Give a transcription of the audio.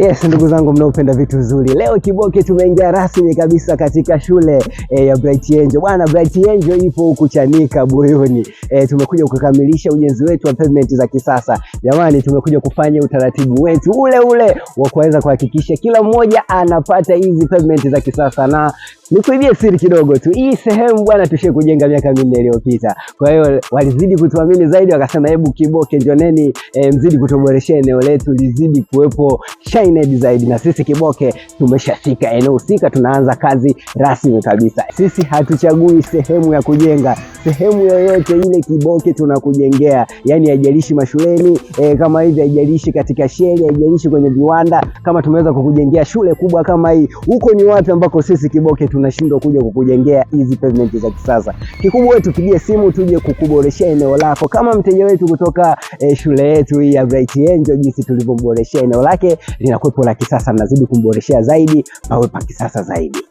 Yes, ndugu zangu mnaopenda vitu vizuri, leo Kiboke tumeingia rasmi kabisa katika shule e, ya Bright Angel. Bwana Bright Angel ipo huku Chanika Buyuni. E, tumekuja kukamilisha ujenzi wetu wa pavement za kisasa. Jamani, tumekuja kufanya utaratibu wetu ule ule wa kuweza kuhakikisha kila mmoja anapata hizi pavement za kisasa na nikuibie siri kidogo tu, hii sehemu bwana, tushie kujenga miaka minne iliyopita. Kwa hiyo walizidi kutuamini zaidi, wakasema hebu Kiboke njoneni, e, eh, mzidi kutuboreshea eneo letu lizidi kuwepo shine finite zaidi, na sisi Kiboke tumeshafika eneo husika, tunaanza kazi rasmi kabisa. Sisi hatuchagui sehemu ya kujenga, sehemu yoyote ile Kiboke tunakujengea, yani haijalishi mashuleni e, kama hivi, haijalishi katika sheli, haijalishi kwenye viwanda, kama tumeweza kukujengea shule kubwa kama hii, huko ni wapi ambako sisi Kiboke tunashindwa kuja kukujengea hizi pavement za kisasa? Kikubwa wetu tupigie simu, tuje kukuboreshea eneo lako, kama mteja wetu kutoka e, shule yetu hii ya Bright Angel, jinsi tulivyomboreshea eneo lake lina kuwepo la kisasa, mnazidi kumboreshea zaidi pawe pa kisasa zaidi.